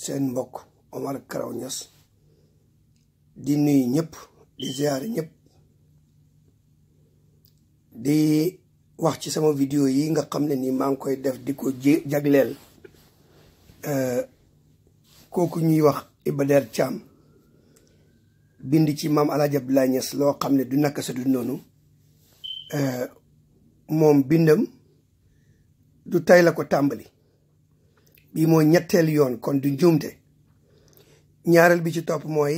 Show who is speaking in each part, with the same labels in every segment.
Speaker 1: seen mbokk Omar Karaw Niass di nuyu ñëpp di ziare ñëpp di wax ci sama vidéo yi nga xam ne nii maa ngi koy def di ko jagleel euh, kooku ñuy wax Iba Der Thiam bind ci maam El Hadj Abdoulaye loo xam ne du nakk sa du noonu euh, moom bindam du tey la ko tàmbali bii mooy ñetteelu yoon kon du njuumte ñaareel bi ci topp mooy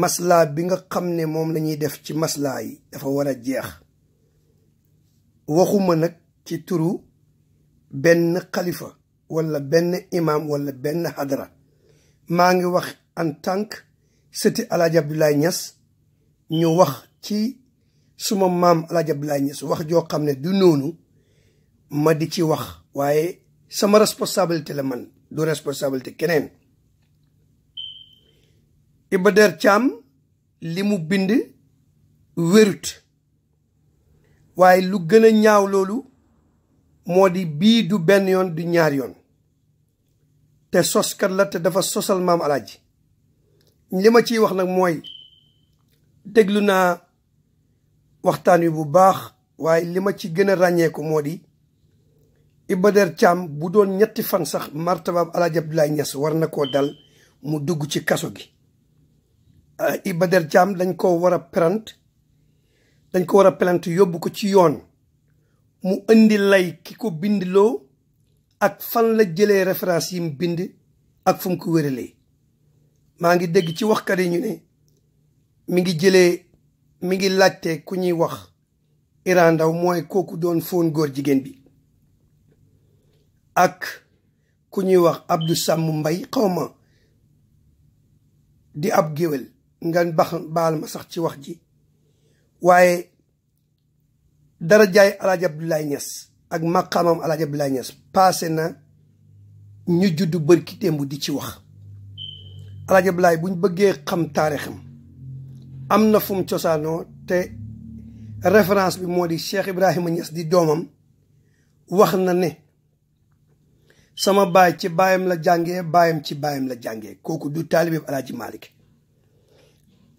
Speaker 1: maslaa bi nga xam ne moom lañuy def ci maslaa yi dafa war a jeex waxuma nag ci turu benn xalifa wala benn imam walla benn hadara maa ngi wax en tant que sëti Alaaji Abdoulaye ñu wax ci suma maam Alaaji Abdoulaye Niass wax joo xam ne du noonu ma di ci wax waaye sama responsabilité la man du responsabilité keneen Iba Der Thiam li mu bind wérut waaye lu gën a ñaaw loolu moo di bii du benn yoon du ñaar yoon te soskat la te dafa sosal maam alaaji li ma ciy wax nag mooy déglu naa waxtaan wi bu baax waaye li ma ci gën a ràññeeku moo di Iba Der bu doon ñetti fan sax martabaab El Hadj Abdoulaye war na koo dal mu dugg ci kaso gi euh, Iba Der dañ koo war a plante dañ ko war a plante yóbbu ko ci yoon mu indi lay ki ko bindloo ak fan la jëlee référence yi mu bind ak fu mu ko wéralee maa ngi dégg ci waxkat yi ñu ne mi ngi jëlee mi ngi laajte ku ñuy wax Iran Ndaw mooy kooku doon foon góor jigéen bi ak ku ñuy wax Abdou Sàmm Mbay xawma di ab géwél ngan bax baal ma sax ci wax ji waaye dara jaay Alaaji Abdoulaye Niass ak maqaamam bi Abdoulaye Niass paase na ñu juddu bërki démb di ci wax Alaaji Abdoulaye buñ bëggee xam taarixam am na fum cosaanoo te référence bi moo di Cheikh Ibrahima Niass di doomam wax na ne sama baay ci baayam la jànge baayam ci baayam la jàngee kooku du taalibe alaaji Malick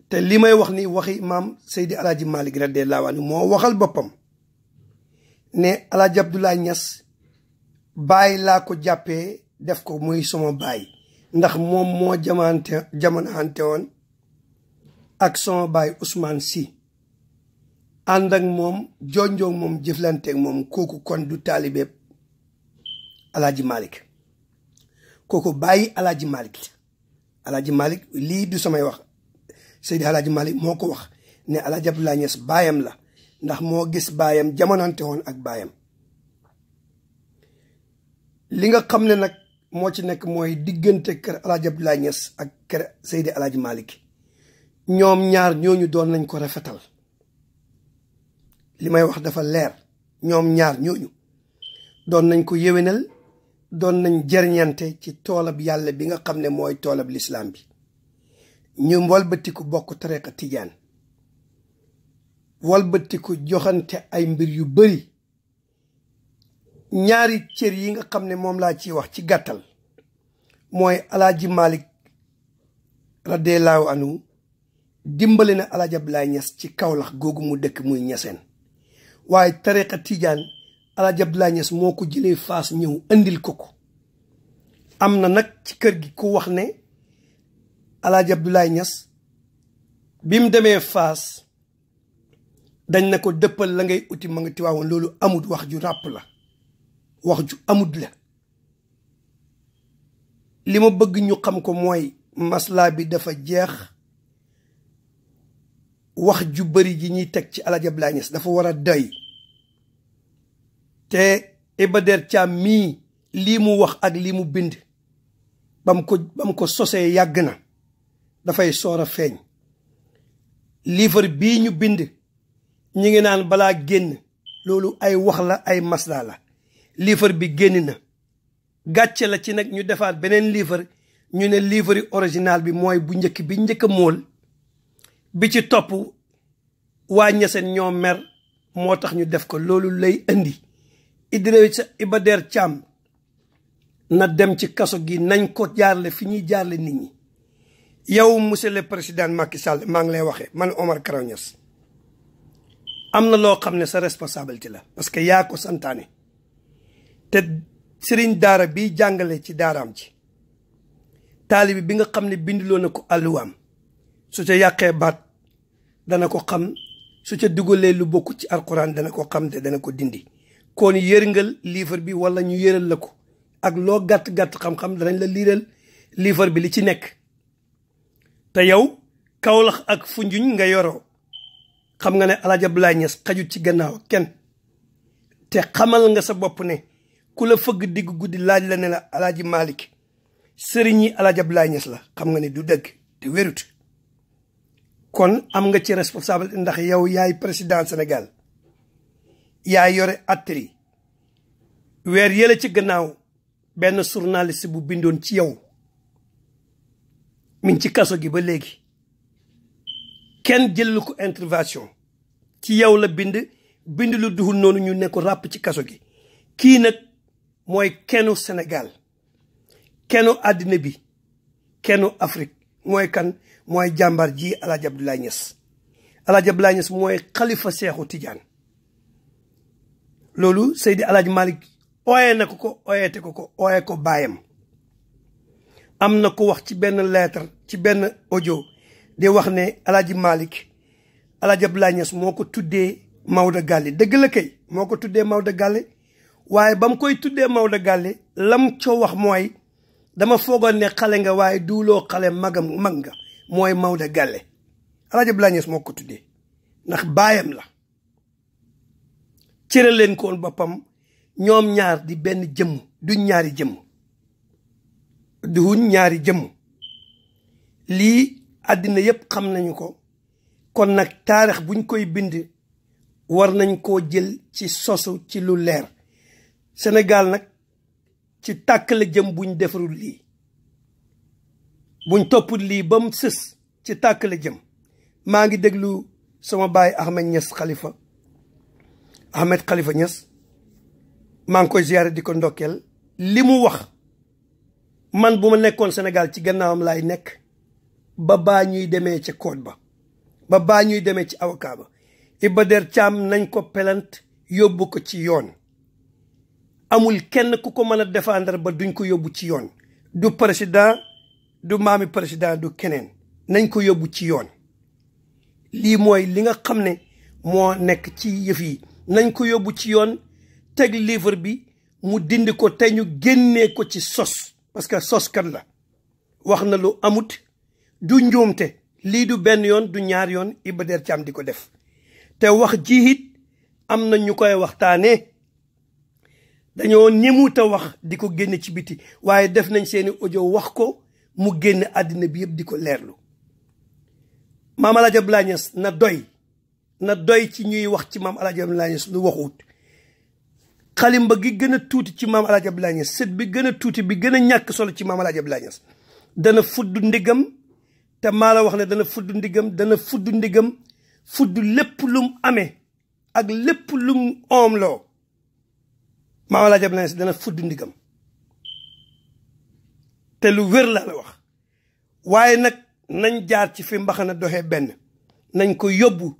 Speaker 1: te lii may wax ni waxi maam imaam Seydi alaaji Malick radiyallaahu anhu moo waxal boppam ne alaaji laa ñas baay laa ko jàppee def ko muy sama baay ndax moom moo jamante jamonante woon ak sama baay Ousmane si ànd moom jonjoog moom jëflanteeg moom kooku kon du taalibe alaaji malik kooku bàyyi alaaji malik alaaji malik lii du samay wax Seydi alaaji Malick moo ko wax ne alaaji Abdoulaye Niass baayam la ndax moo gis baayam jamonante woon ak baayam li nga xam ne nag moo ci nekk mooy diggante kër alaaji Abdoulaye Niass ak kër Seydi alaaji Malick ñoom ñaar ñooñu doon nañ ko rafetal li may wax dafa leer ñoom ñaar ñooñu doon nañ ko yéwénal doon nañ jariñante ci toolab yàlla bi nga xam ne mooy toolab lislaam bi ñu walbatiku bokk tariqa tijaan walbatiku joxante ay mbir yu bari ñaari cër yi nga xam ne moom laa ci wax ci gàttal mooy alaaji malik radiallahu anhu dimbali na alaaji Abdoulaye Niass ci lax googu mu dëkk muy ñaseen waaye tariqa tijaan Alaaji Abdoulaye Niass moo ko jëlee faas ñëw indil ko ko am na nag ci kër gi ku wax ne Alaaji lay Niass bi mu demee faas dañ na ko dëppal la ngay uti ma nga tiwaawoon loolu amut wax ju ràpp la wax ju amut la li ma bëgg ñu xam ko mooy maslaa bi dafa jeex wax ju bari ji ñuy teg ci Alaaji Abdoulaye Niass dafa war a doy te Iba Der mii lii mu wax ak lii mu bind bam ko bam ko sosee yàgg na dafay soor a feeñ livre bii ñu bind ñi ngi naan balaa génn loolu ay wax la ay masla la livre bi génn na gàcce la ci nag ñu defaat beneen livre ñu ne livre original bi mooy bu njëkk bi njëkk a mool bi ci topp waa ñeseen ñoo mer moo tax ñu def ko loolu lay indi Idrissa Iba Der na dem ci kaso gi nañ ko jaarle fi ñuy jaarle nit ñi yow monsieur le président Macky Sall maa ngi lay waxee man Omar Karaw Niass am na loo xam ne sa responsabilité la parce que yaa ko santaane te sëriñ daara bi jàngale ci daaraam ci taalibi bi nga xam ne bindiloo na ko alluwaam su ca yàqee baat dana ko xam su ca dugalee lu bokk ci alquran dana ko xam te dana ko dindi kon yërngal livre bi wala ñu yéral la ko ak loo gàtt-gàtt xam-xam danañ la liiral livre bi li ci nekk te yow Kaolack ak funjuñ nga yoro xam nga ne El Hadj Abdoulaye Niass xajut ci gannaaw kenn te xamal nga sa bopp ne ku la fëgg digg guddi laaj la ne la El malik Malick sëriñ yi El Hadj la xam nga ne du dëgg te wérut kon am nga ci responsable ndax yow yaay président Sénégal yaa yore attali weer yële ci gannaaw benn journaliste bu bindoon ci yow min ci kaso gi ba léegi kenn jëllu ko intervention ci yow la bind bind lu duxul noonu ñu ne ràpp ci kaso gi kii nag mooy kenn Sénégal kenu àddina bi kenu Afrique mooy kan mooy jàmbar ji Alaaji Abdoulaye Niass Alaaji Abdoulaye Niass mooy xalifa Seexu Tijaan loolu Seydi Alaaji malik ooyee na ko ko ooyeete ko ko ooyee ko baayam am na ko wax ci benn lettre ci benn ojo di wax ne Alaaji Malick Alaaji Abdoulaye Niass moo ko tuddee Maodo Gàlle dëgg la kay moo ko tuddee Maodo Gàlle waaye ba mu koy tuddee Maodo Gàlle lam coo wax mooy dama foogoon ne xale nga waaye duuloo xale magam mag nga mooy Maodo Gàlle Alaaji Abdoulaye Niass moo ko tuddee ndax baayam la cëral leen boppam ñoom ñaar di benn jëmm du ñaari jëmm duñ ñaari jëmm lii àddina yépp xam nañu ko kon nag taarix buñ koy bind war nañ koo jël ci sosu ci lu leer Sénégal nag ci tàkk la jëm buñ defarul lii buñ toppul lii ba mu sës ci tàkk la jëm maa ngi déglu sama baay Ahmed Niass Khalifa Ahmed Khalifa ñas maa ngi koy ziare di ko ndokkeel li mu wax man bu ma nekkoon senegal ci gannaawam laay nekk ba baa ñuy demee ca code ba ba baa ñuy demee ci avocat ba Iba Der nañ ko pelant yóbbu ko ci yoon amul kenn ku ko mën a défendre ba duñ ko yóbbu ci yoon du président du maami président du keneen nañ ko yóbbu ci yoon lii mooy li nga xam ne moo nekk ci yëf yi nañ ko yóbbu ci yoon teg livre bi mu dind ko te ñu génnee ko ci sos parce que sos kan la wax na lu amut du njuumte lii du benn yoon du ñaar yoon Iba Der Thiam di ko def te wax ji it am na ñu koy waxtaanee dañoo ñemuta wax di ko génne ci biti waaye def nañ seeni ojo wax ko mu génn àddina bi yëpp di ko leerlu Mame El na doy na doy ci ñuy wax ci maam El Hadj lu waxut xalimba gi gën a tuuti ci maam El Hadj Abdoulaye bi gën a tuuti bi gën ñàkk solo ci maam El Hadj Abdoulaye dana fudd ndigam te maa wax ne dana fudd ndigam dana fudd ndigam fudd lépp lum amee ak lépp lum oom loo maam El Hadj dana fudd ndigam te lu wér laa la wax waaye nag nañ jaar ci fi mbaxana doxe benn nañ ko yóbbu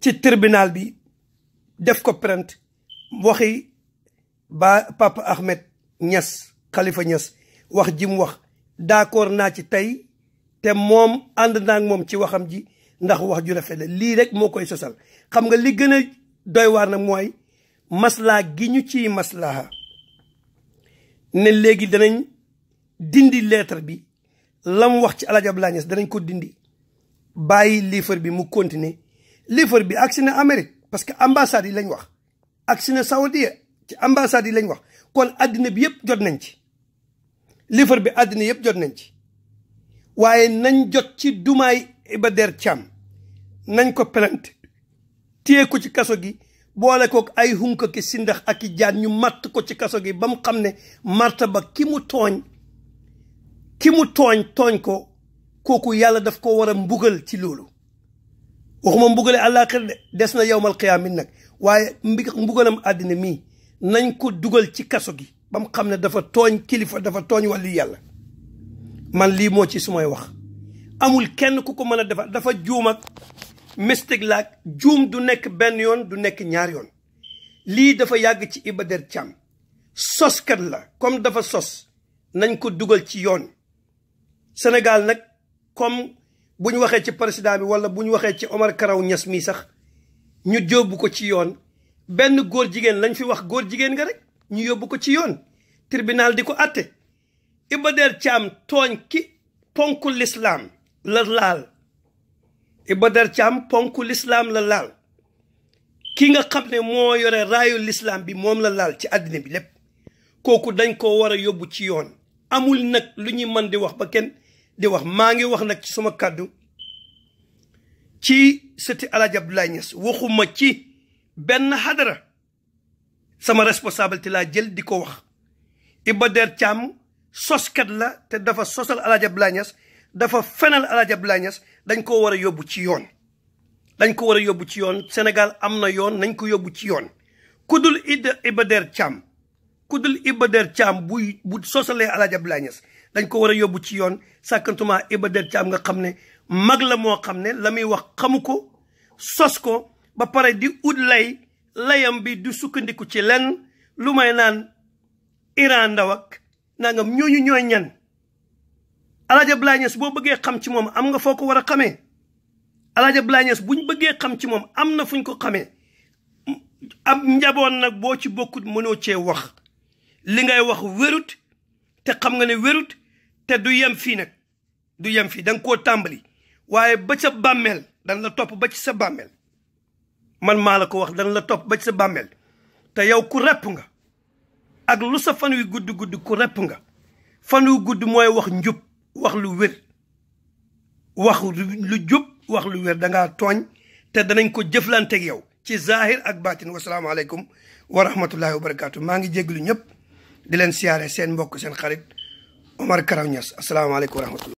Speaker 1: ci tribunal bi def ko plainte waxi ba Papa Ahmed Niass Khalifa Niass wax ji mu wax d'accord naa ci tey te moom ànd naa moom ci waxam ji ndax wax ju rafet la lii rek moo koy sosal xam nga li gën a doy waar nag mooy maslaa gi ñu ciy maslaa ne léegi danañ dindi lettre bi lam wax ci El Hadj Abdoulaye Niass danañ ko dindi bàyyi liifar bi mu continuer liifar bi agsi na Amérique parce que ambassades yi lañ wax agsi na Saoudia ci ambassades yi lañ wax kon àddina bi yëpp jot nañ ci liifar bi àddina yëpp jot nañ ci waaye nañ jot ci dumaay Iba Der Thiam nañ ko plainte téye ko ci kaso gi boole kook ay hunka ki sindax ak i jaan ñu matt ko ci kaso gi ba mu xam ne marta ba ki mu tooñ ki mu tooñ tooñ ko kooku yàlla daf ko war a mbugal ci loolu waxuma mbugale àllaaxira de des na yowmal qiyaam nag waaye mbi mbugalam àddina mii nañ ko dugal ci kaso gi ba mu xam ne dafa tooñ kilifa dafa tooñ walli yàlla man lii moo ci sumay wax amul kenn ku ko mën a defar dafa juum ak mystique laag juum du nekk benn yoon du nekk ñaar yoon lii dafa yàgg ci Iba Der Thiam soskat la comme dafa sos nañ ko dugal ci yoon Sénégal nag comme bu ñu waxee ci président bi wala bu ñu waxee ci Omar Karaw ñas mi sax ñu jóbbu ko ci yoon benn góor jigéen lañ fi wax góor jigéen nga rek ñu yóbbu ko ci yoon tribunal di ko atte Iba Der Thiam tooñ ki ponku lislaam la laal Iba Der Thiam ponku lislaam la laal ki nga xam ne moo yore raayu lislaam bi moom la laal ci àddina bi lépp kooku dañ ko war a yóbbu ci yoon amul nag lu ñuy mën di wax ba kenn di wax maa ngi wax nag ci sama kàddu ci sëti Alaaji Abdoulaye waxuma ci benn xadara sama responsabilité laa jël di ko wax Iba Der Thiam soskat la te dafa sosal Alaaji Abdoulaye dafa fenal Alaaji Abdoulaye dañ koo war a yóbbu ci yoon dañ ko war a yóbbu ci yoon senegal am na yoon nañ ko yóbbu ci yoon ku dul Iba Der Thiam ku dul Der Thiam bu sosalee Alaaji Abdoulaye dañ ko war a yóbbu ci yoon sàkkantuma Iba ci am nga xam ne mag la moo xam ne la muy wax xamu ko sos ko ba pare di ut lay layam bi du sukkandiku ci lenn lu may naan Iran ndaw ak nangam ñooñu ñooy ñan Alaaji Abdoulaye Niass boo bëggee xam ci moom am foo ko war a xamee Alaaji Abdoulaye Niass buñ bëggee xam ci moom am na fuñ ko xamee ab njaboot nag boo ci bokkut mënoo cee wax li ngay wax wérut te xam nga ne wérut te du yem fii nag du yem fii da koo tàmbali waaye ba bàmmeel dan la topp ba ci sa bàmmeel man maa la ko wax dan la topp ba sa bàmmeel te yow ku repp nga ak lu sa fan wi gudd gudd ku repp nga fan wu gudd mooy wax njub wax lu wér wax lu jub wax lu wér dangaa tooñ te danañ ko jëflanteeg yow ci zahir ak baatin wasalaamaaleykum wa rahmatullahi wa barakaatu maa ngi jéglu ñëpp di leen siyaare seen mbokk seen xarit Omar Karaw Niass asalaamaaleykum wa rahmatulah.